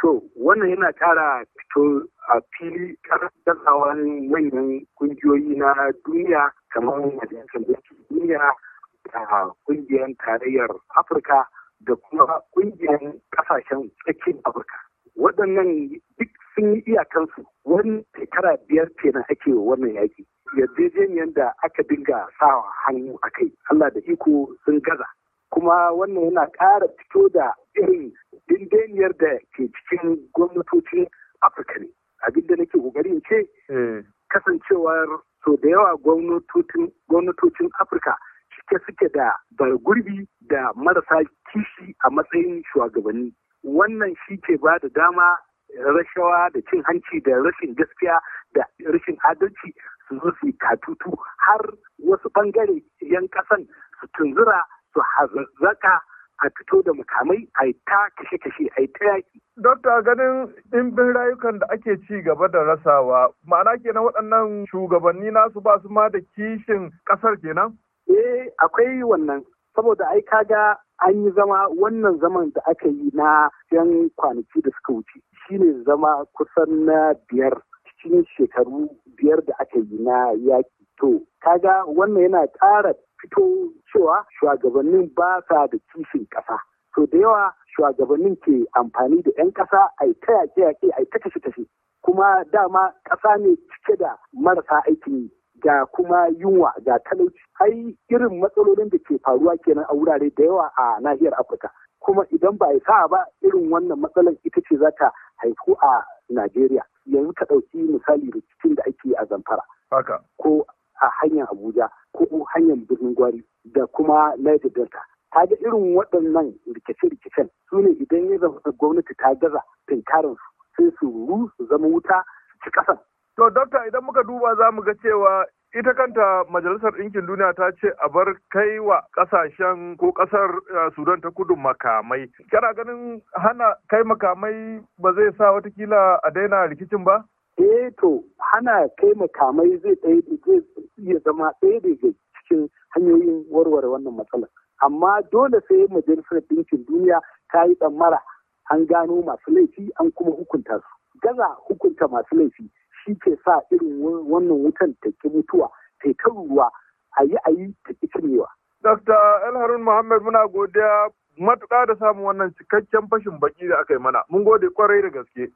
To, wannan yana tara fito a fili tsawon manyan kungiyoyi na duniya kamar majalisar ɗinkin duniya da kungiyar tarayyar Afirka da kuma kungiyar ƙasashen tsakiyar Afirka. Waɗannan duk sun yi iyakansu wani shekara biyar na ake wannan yaƙi. Yarjejeniyar da aka dinga sawa hannu a kai, Allah da iko sun gaza. Kuma wannan yana ƙara fito da irin yarjejeniyar da ke cikin gwamnatocin afirka ne abin da nake kokarin ce hmm. kasancewar so da yawa gwamnatocin afirka cike suke da bargurbi da marasa kishi a matsayin shugabanni wannan shi ke ba da dama rashawa da cin hanci da rashin gaskiya da rashin adalci su zo su katutu har wasu bangare yan kasan su tunzura su hazaka a fito da mukamai a yi ta kashe-kashe a yi ta yaki. Dokta ganin ɗimbin rayukan da ake ci gaba da rasawa ma'ana kenan waɗannan shugabanni nasu ba su ma da kishin ƙasar kenan? Eh akwai wannan saboda ai kaga an yi zama wannan zaman da aka yi na yan kwanaki da suka wuce shine zama kusan na biyar cikin shekaru biyar da aka yi na yaki to kaga wannan yana ƙara fito cewa shugabannin ba sa da kishin ƙasa. So da yawa shugabannin ke amfani da 'yan ƙasa a yi ta yaƙe-yaƙe a yi ta kashe-kashe. Kuma dama ƙasa ne cike da marasa aikin yi. ga kuma yunwa ga talauci ai irin matsalolin da ke faruwa kenan a wurare da yawa a nahiyar afirka kuma idan ba a sa ba irin wannan matsalar ita ce za ta haifu a najeriya yanzu ka ɗauki misali da cikin da ake a zamfara ko a hanyar abuja ko hanyar birnin gwari kuma Niger Delta. Ta ga irin waɗannan rikice-rikicen su ne idan ya zama gwamnati ta gaza tinkarin sai su ru su zama wuta ci ƙasan. To, Dokta, idan muka duba za mu ga cewa ita kanta majalisar ɗinkin duniya ta ce a bar kai wa ƙasashen ko ƙasar eh, sudan ta kudu makamai kana ganin hana kai makamai ba zai sa watakila a daina rikicin ba eh to hana kai makamai zai iya zama ɗaya daga cikin hanyoyin warware wannan matsalar amma dole sai majalisar ɗinkin duniya ta yi tsammara an gano masu laifi an kuma hukunta su gaza hukunta masu laifi shi ke sa irin wannan wutan ta ki mutuwa ta ta ruwa a yi a yi ta ki cirewa. Dr. Elharun Muhammad muna godiya matuƙa da samun wannan cikakken fashin baki da aka yi mana. Mun gode kwarai da gaske.